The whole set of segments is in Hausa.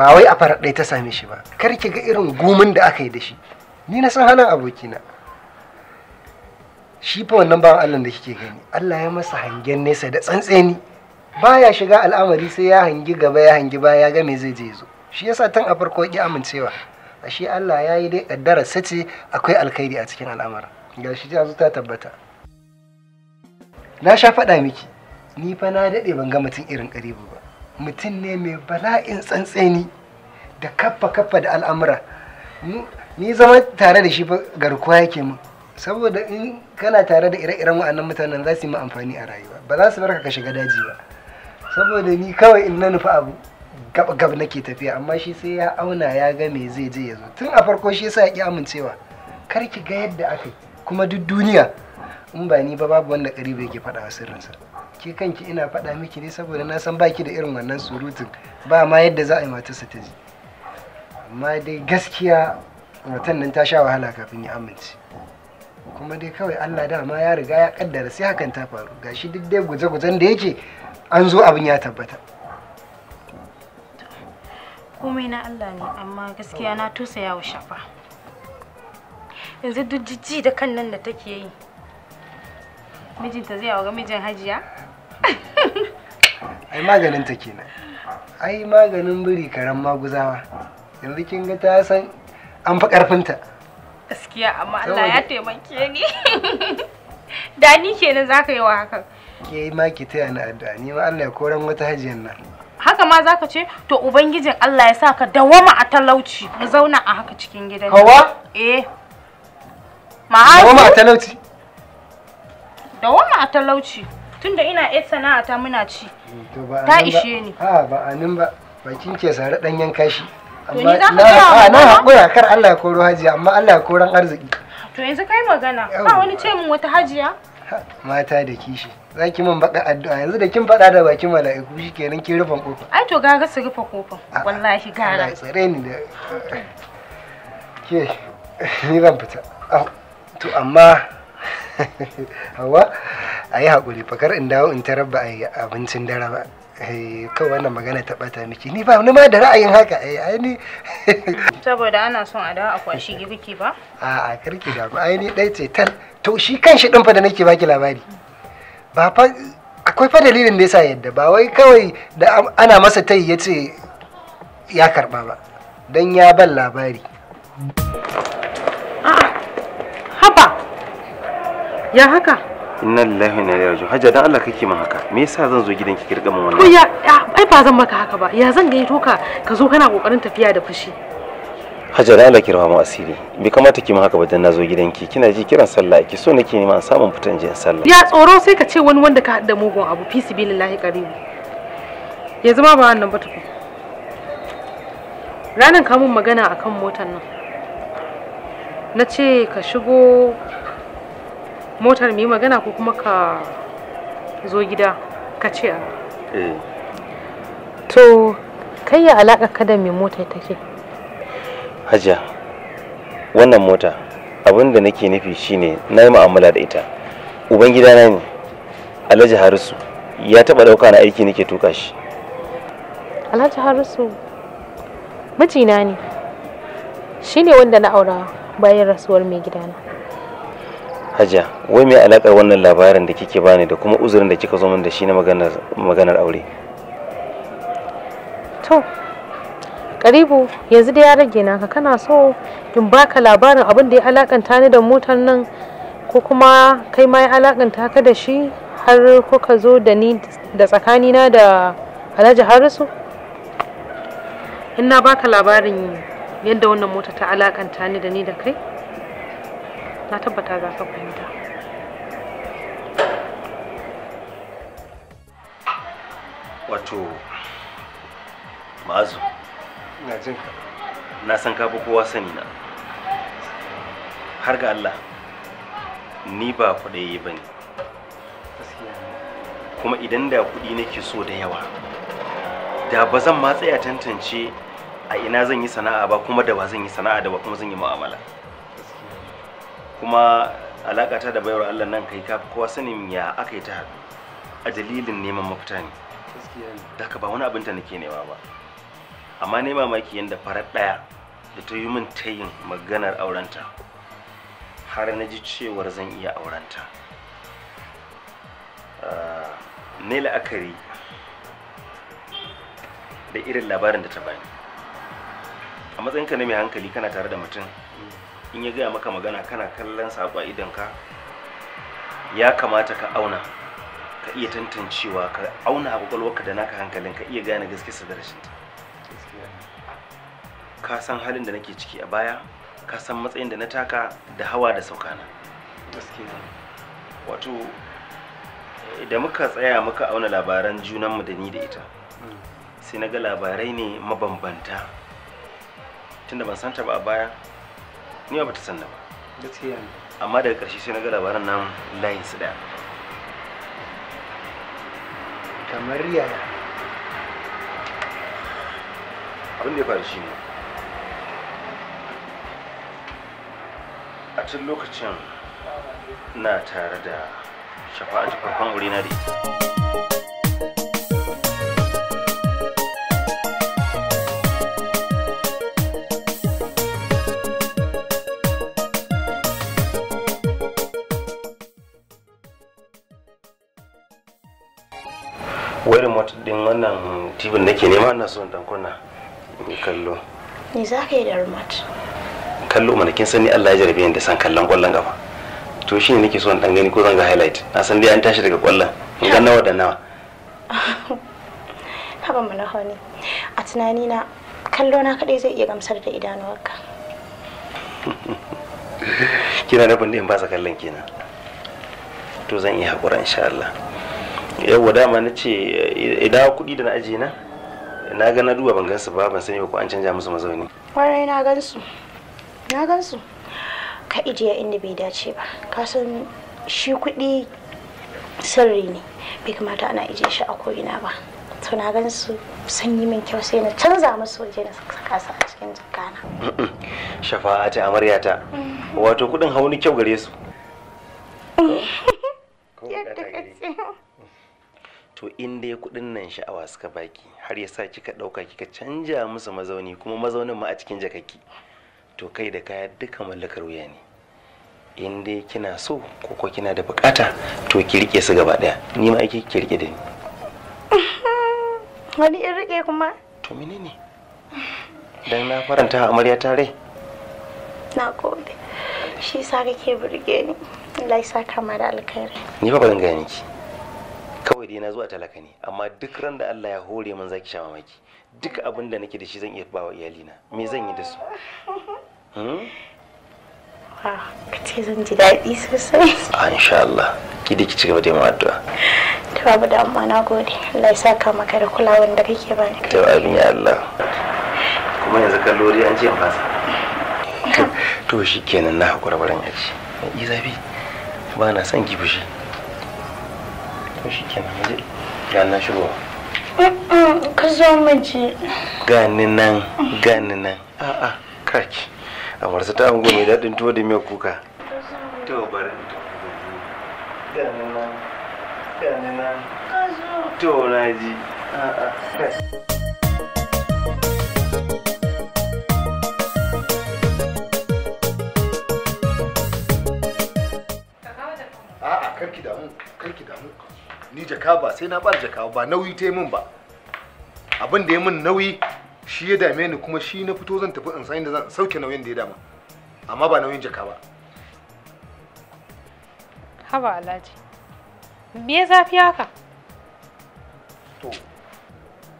ba wai a farar ta same shi ba kar ki ga irin gumin da aka yi da shi ni na san hana abokina shi fa wannan bawan Allah da kike gani Allah ya masa hangen nesa da tsantseni ya shiga al'amari sai ya hangi gaba ya hangi baya ya ga me zai je zo shi yasa tun a farko ki amincewa A shi Allah ya yi dai kaddara sace akwai alkhairi a cikin al'amara ga shi ta ta tabbata na sha faɗa miki ni fa na daɗe ban ga mutum irin ƙaribu ba mutum ne mai bala'in tsantseni da kaffa kaffa da al'amura ni zama tare da shi garkuwa yake mu saboda in kana tare da ire-iren wa'annan mutanen za su yi amfani a rayuwa ba za su bar ka shiga daji ba saboda ni kawai in na nufi abu gab-gab nake tafiya amma shi sai ya auna ya ga me zai je ya zo tun a farko shi yasa ya ki amincewa kar ki ga yadda aka yi kuma duk duniya in ba ni ba babu wanda bai yake faɗawa sirrinsa ke kanki ina faɗa miki ne saboda na san baki da irin wannan surutun ba ma yadda za a yi matarsa ta ji amma dai gaskiya watan nan ta sha wahala kafin ya amince kuma dai kawai Allah dama ya riga ya kaddara sai hakan ta faru gashi duk dai guje-gujen da yake an zo abin ya tabbata komai na Allah ne amma gaskiya na tusa wa shafa yanzu duk jijji da kan nan da take yi mijinta zai auga mijin hajiya ai maganin ta kenan ai maganin biri karan maguzawa yanzu kin ga ta san an fi karfinta gaskiya amma Allah ya taimake ni da ni kenan zaka yi wa hakan ke ma ki taya ni addu'a ni ma Allah ya koran wata hajiyar nan haka ma zaka ce to ubangijin Allah ya sa ka dawama a talauci mu zauna a haka cikin gidan hawa eh ma'a dawama a talauci dawama a talauci tunda ina yar sana'a ta muna ci ta ishe ni Ha ba anin ba bakin ke sare danyen kashi amma na na hakura kar Allah ya koro hajiya amma Allah ya koran arziki to yanzu kai magana ba wani ce min wata hajiya mata da kishi za ki min baka addu'a yanzu da kin faɗa da bakin mala'iku kenan kin rufe kofa ai to gara su rufe kofa wallahi gara Ai tsare ni da ke ni zan fita to amma hawa a yi haƙuri fakar in dawo in tarar ba a yi abincin dare ba eh, kan wannan magana ta ɓata miki ni ba ni ma da ra'ayin haka ai eh, ai ni saboda ana son a dawo a kwashi girki ba a karki da ai ni dai ce tal to shi kanshi din fa da nake baki labari ba fa akwai fa dalilin da yasa yadda ba wai kawai da ana masa tai yace ya karba ba dan ya ban labari ya haka inna lillahi inna ilaihi raji'un hajja dan Allah kake min haka me yasa zan zo gidanki ki rika min wannan ya ai ba zan maka haka ba ya zan gaito ka ka zo kana kokarin tafiya da fushi hajja dan Allah ki rawa mu asiri bai kamata ki min haka ba dan nazo gidanki kina ji kiran sallah ki so nake an samun fitan jin sallah ya tsoro sai ka ce wani wanda ka hada mugun abu fi sibilillahi qaribu ya zama ba wannan ba tafi ranan ka magana akan motar nan na ce ka shigo motar mai magana ko kuma ka zo gida ka ce a eh. to kai ya alaƙa ka mai motar take hajiya wannan mota abin da nake nufi shine na yi mu'amala da ita ubangida na ne alhaji harisu ya taɓa ɗauka na aiki nake tuka shi alhaji harisu mijina ne shine wanda na aura bayan rasuwar mai gidana hajiya wai me alakar wannan labarin da kike bani da kuma uzurin da kika zo min da shi na maganar aure to karibu yanzu da ya rage naka kana so in baka labarin abin da ya alakanta ni da motar nan ko kuma kai ma ya alakanta ka da shi har kuka zo da ni da tsakanina da alhaji harisu in na baka labarin yadda wannan mota ta alakanta ni da ni da kai na tabbata za ka fahimta wato ma'azu na jin ka na san ka kowa sani na har ga Allah ni ba yi ba ne kuma idan da kuɗi nake so da yawa da ba zan ma tsaya tantance a ina zan yi sana'a ba kuma da ba zan yi sana'a da ba kuma zan yi mu'amala. kuma alakata da baiwar Allah nan kai kafi kowa sanin ya aka yi ta haɗu a dalilin neman mafita ne da ka ba wani abin ta nake nema ba amma ne mamaki yadda farar ɗaya da ta yi min tayin maganar aurenta har na ji cewar zan iya aurenta ah, ne la'akari da irin labarin da ta bani a matsayinka na mai hankali kana tare da mutum in ya gaya maka magana kana kallon idan ka ya kamata ka auna ka iya tantancewa ka auna ka da naka hankalin ka iya gane sa da rashin ka san halin da nake ciki a baya ka san matsayin da na taka da hawa da saukana wato da muka tsaya muka auna labaran junanmu da ni da ita hmm. sai na ga labarai ne mabambanta tunda ban santa ba a baya ni ba ta sanna ba gaskiya amma daga karshe sai na ga labaran nan layin su daya kamar yaya abin da ya faru shine a cikin lokacin na tare da shafa'atu farkon wurina da ita tibin nake nema ina son dan kunna in kallo ni za ka yi da rumat kallo mana kin sani Allah ya jarabe ni da san kallon kwallon gaba to shine nake son dan gani ko zan ga highlight na san dai an tashi daga kwallon in ga nawa da nawa haba mana hani a tunani na kallo na kadai zai iya gamsar da idanuwarka kina da in ba sa kallon kenan to zan iya hakura insha Allah yawwa dama na ce eh, idan kuɗi da na ajiye na na ga duba ban gansu ba ban sani ba ko an canja musu mazauni kwarai na gansu na gansu ka ijiya inda bai dace ba Kasan, san shi kuɗi sirri ne bai kamata ana ije shi a ko'ina ba to na gansu sun yi min kyau sai na canza musu waje na saka su a cikin jakana mm-hmm. shafa'a ta amaryata wato kuɗin hauni kyau gare su mm-hmm. yadda to in dai kuɗin nan sha'awa suka baki har ya sa kika ɗauka kika canja musu mazauni kuma mazaunin ma a cikin jakaki to kai da kaya duka mallakar wuya ne in dai kina so ko ko kina da bukata to ki rike su gaba daya ni ma ake ki rike da ni wani in rike kuma to menene dan na faranta amarya ta rai na gode shi sa kake burge ni Allah ya saka mara alkhairi ni fa ban gane ki kawai dai na zuwa talaka ne amma duk ran da Allah ya hore mun zaki sha mamaki duk abin da nake da shi zan iya ba wa iyalina me zan yi da su hmm? ka ce zan ji daɗi sosai a ah, insha Allah ki da ki ci gaba da yin addu'a to babu da amma na gode Allah ya saka maka da kulawan da kake ba ni to abin ya Allah kuma yanzu ka lori an ce in fasa to shikenan na hakura barin yaji yi zafi ba na son ki fushi to shi kenan mu je ga nan shigowa ka zo mu je nan gani nan a'a a marsa ta ango mai daɗin tuwo da kuka to bari nan nan to na ji a'a karki damu karki damu ni jaka ba sai na bar jaka ba nauyi ta min ba abin da ya min nauyi shi ya dame ni kuma shi na fito zan tafi in da zan sauke nauyin da ya dama amma ba nauyin jaka ba haba alhaji me ya zafi haka to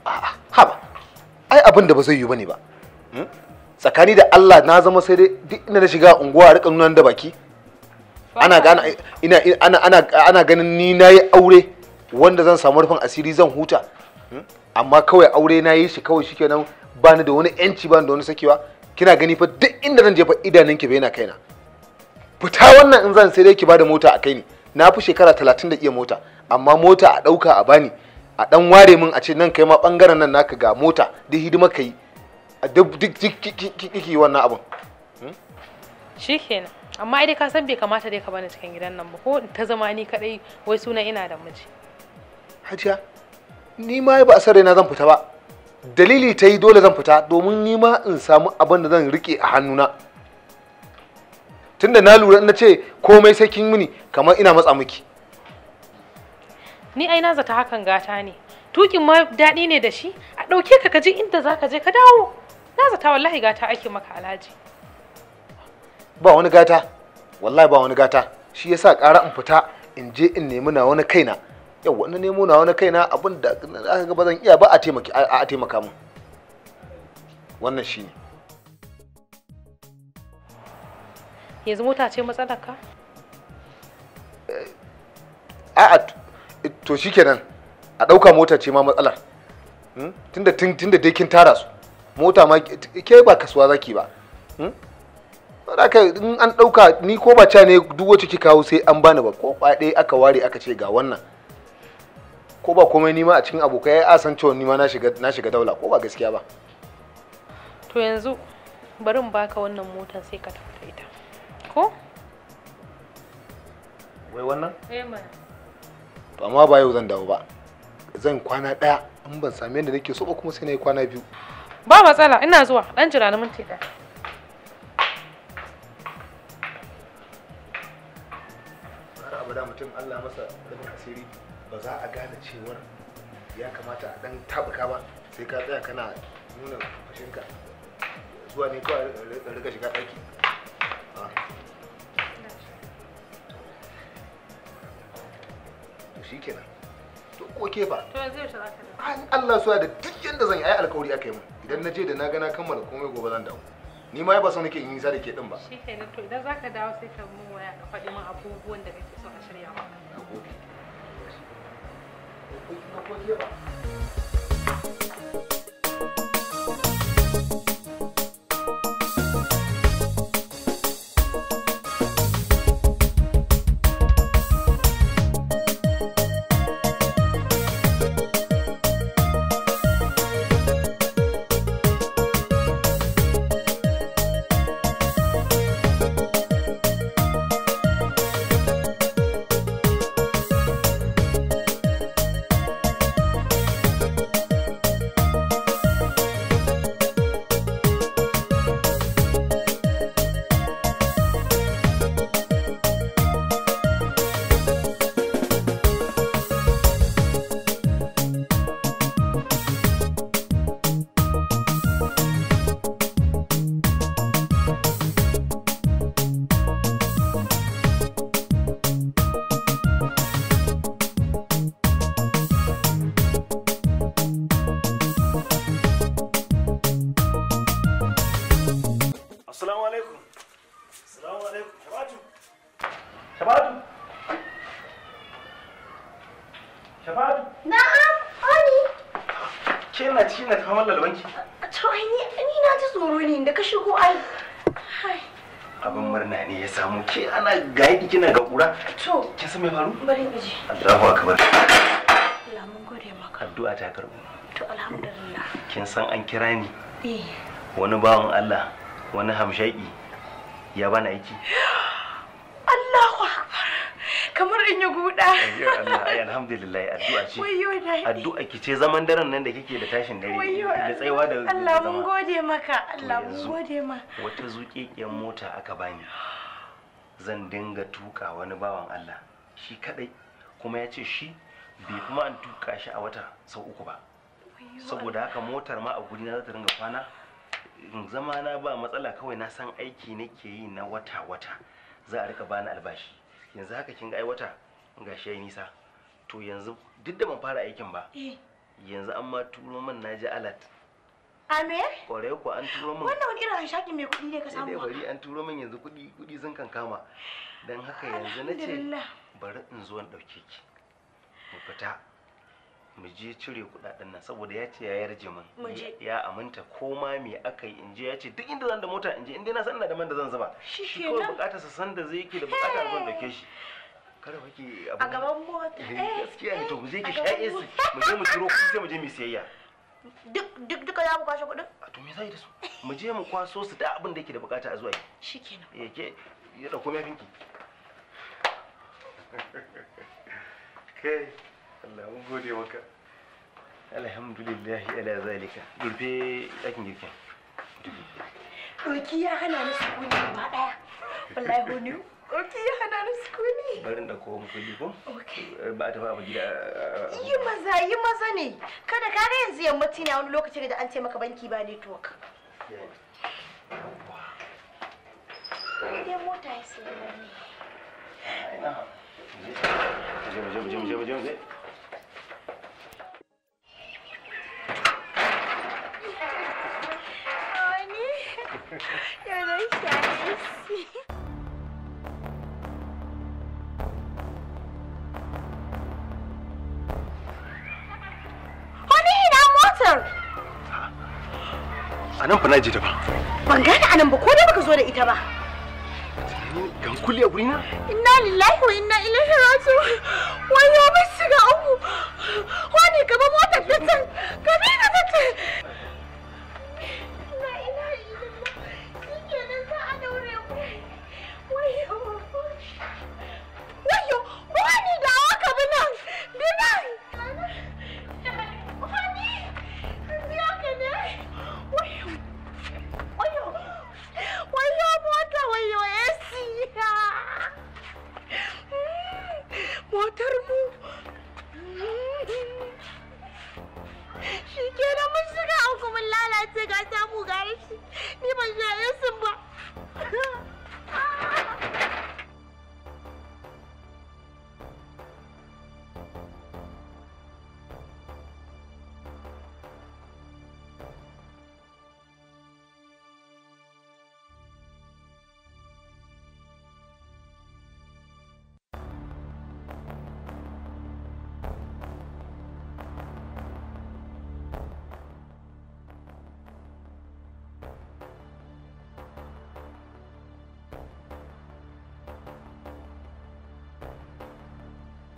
a'a haba ai abin da ba zai yi bane ba hmm? tsakani da Allah na zama sai dai duk inda shiga unguwa a rika nuna da baki ana ana ana ganin ni nayi aure wanda zan samu rufin asiri zan huta hmm? amma kawai aure na yi shi kawai shikenan ba ni da wani yanci ba da wani sakewa kina gani fa duk inda zan je fa idanun ki bai na kaina fita wannan in zan sai dai ki bada mota a kai ni na fi shekara talatin da iya mota amma mota a ɗauka a bani a ɗan ware min a ce nan kai ma bangaren nan naka ga mota duk hidima ka yi a duk kiki wannan abun hmm? shikenan amma idan ka san bai kamata dai ka bani cikin gidan nan ba ko ta zama ni kadai wai suna ina da miji hajiya ni ma ba a san raina zan fita ba dalili ta yi dole zan fita domin ni ma in samu abin da zan rike a hannuna tunda na lura na ce komai sai kin mini kamar ina matsa miki ni ai na zata hakan gata ne tukin ma daɗi ne da shi a ɗauke ka ji inda za ka je ka dawo na zata wallahi gata ake maka alhaji ba wani gata wallahi ba wani gata shi yasa ƙara in fita in je in nemi na wani kaina yau wani nemo na wani kaina abin da aka ga ba zan iya ba a taimaka min wannan shi ne yanzu mota ce a eh, a'a to shi kenan, a ɗauka mota ce ma matsalar hmm? tunda tunda dai kin tara su mota ma ke ba kasuwa zaki ba haka hmm? in an ɗauka ni ko ba ca ne duk wacce ki kawo sai an bani ba ko kwaɗe aka ware aka ce ga wannan ko ba komai nima a cikin abokai ya san cewa nima na shiga na shiga daula ko ba gaskiya ba to yanzu bari in baka wannan motar sai ka tafi da ita ko wai wannan eh ma to amma ba yau zan dawo ba zan kwana daya in ban sami yadda nake so ba kuma sai na yi kwana biyu ba matsala ina zuwa dan jira na minti daya abada mutum Allah masa da asiri ba za a gane cewar ya kamata a dan tabuka ba sai ka tsaya kana nuna fashinka zuwa ne kawai rika shiga ɗaki ah. to shi kenan to ko ke fa to zai shiga an Allah suwa da duk yanda zan yi ai alkawari aka yi min idan na je da na gana na kammala komai gobe zan dawo ni ma ba son nake yin da ke din ba shi kenan to idan zaka dawo sai ka mun waya ka faɗi min abubuwan da kake so a shirya wa Depois uma podia. lá. cikin wanki to ni na ji tsoro ne da ka shigo ai abin murna ne ya samu ke ana gaidi kina ga kura to kin san me faru bari in ji Allahu akbar gode maka addu'a ta karbu to alhamdulillah kin san an kira ni eh wani bawan Allah wani hamshaki ya bani aiki alhamdulillah addu'a ce addu'a ki ce zaman daren nan da kike da tashin dare da tsayawa da Allah mun gode maka Allah mun gode ma wata zuƙeƙiyar mota aka bani zan dinga tuka wani bawan Allah shi kadai kuma ya ce shi bai kuma an tuka shi a wata sau uku ba saboda haka motar ma a na za ta dinga kwana zama na ba matsala kawai na san aiki nake yi na wata-wata za a rika bani albashi yanzu haka kin ga ai wata ga shi nisa to yanzu duk da ban fara aikin ba eh. yanzu an ma turo min na ji alat a me kwarai ko an turo min wannan wani irin hanshaki mai kuɗi ne ka samu eh, ba bari an turo min yanzu kuɗi kuɗi sun kan kama dan haka yanzu na ce bari in zo in ɗauke ki mu fita mu je cire kuɗaɗen nan saboda ya ce ya yarje min ya aminta ko ma me aka yi in je ya ce duk inda zan da mota in je in dai na san ina da man da zan zuba shi kawai bukatarsa san da zai yake da bukatar zan dauke shi kada kake a gaban mota eh, eh gaskiya to mu je ki eh, su mu je mu turo kuɗi sai mu je mu duk duk duka za mu kwashe a to me zai da su mu je mu kwaso su da abin da yake da bukata a zuwa shikenan eh ke ya dauko kai Allah mun gode maka alhamdulillah ala zalika girkin ya hana ni sukuni Wallahi barin da kowa yi ko eh, ba a fara gida eh, eh. yi maza yi maza ne kada ka ga yanzu yammaci na wani lokacin da an ce maka banki ba ne to ah, ka. nan? A nan fa na ji ta ba. Ban gane a nan ba ko da baka zo da ita ba. Gan kulle a gurina? Inna lillahi wa inna ilaihi raji'un. Wayo mai shiga abu Wani gaba motar ta can, gaba ta can. matar mu shi kenan mun shiga an kuma lalace ga samu gare ni ban shi sun ba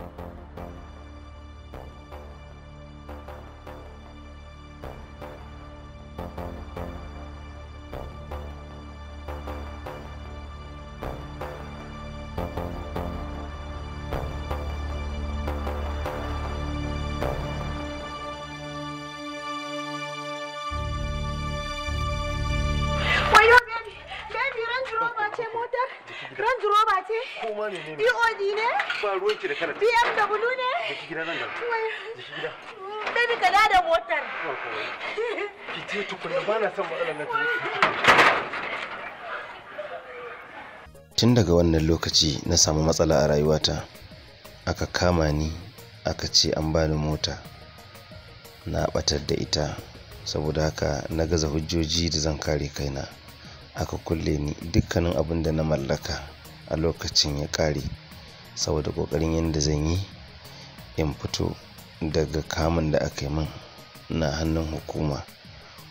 Thank you. ce? Tun daga wannan lokaci na samu matsala a rayuwata, aka kama ni aka ce an bani mota na batar da ita saboda haka na gaza hujjoji da zan kare kaina. aka kulle ni dukkanin abin da na mallaka a lokacin ya ƙare saboda ƙoƙarin yadda zan yi in fito daga kamun da aka yi min na hannun hukuma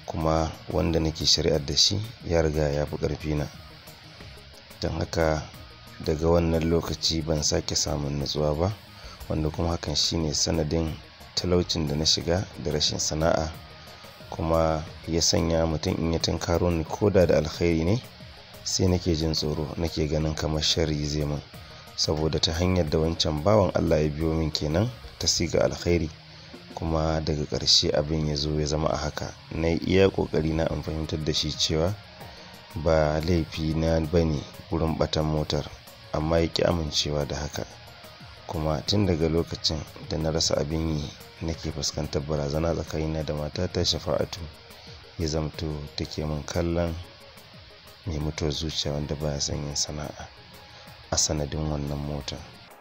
kuma wanda nake shari'ar da shi ya riga ya fi ƙarfi na don haka daga wannan lokaci ban sake samun nutsuwa ba wanda kuma hakan shine sanadin talaucin da na shiga da rashin sana'a kuma ya sanya mutum in ya tunkaro ni koda da alkhairi ne sai nake jin tsoro nake ganin kamar shari'i zai mun saboda ta hanyar da wancan bawan allah ya biyo min kenan ta siga alkhairi kuma daga ƙarshe abin ya zo ya zama a haka na iya ƙoƙari na amfani fahimtar da shi cewa ba laifi na bane wurin batan motar amma ya ƙi amincewa da haka kuma tun daga lokacin da na rasa abin yi nake fuskantar barazana tsakanina da matata shafa'atu ya zamto take min kallon ya mutuwar zuciya wanda ba son yin sana'a a sanadin wannan mota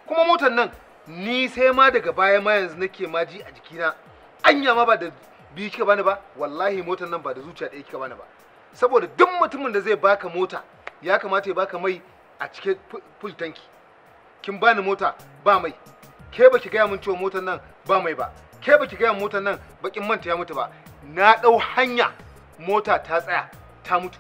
kuma motar nan ni sai ma daga baya ma yanzu nake ma ji a jikina anya ma ba da biyu kika bani ba wallahi motar nan ba da zuciya ɗaya kika bani ba saboda duk mutumin da zai baka mota ya kamata ya baka mai a cikin full tanki kin bani mota ba mai ke baki gaya min cewa motar nan ba mai ba ke baki gaya motar nan bakin manta ya mutu ba na ɗau hanya mota ta tsaya ta mutu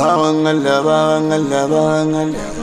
bawan Allah bawan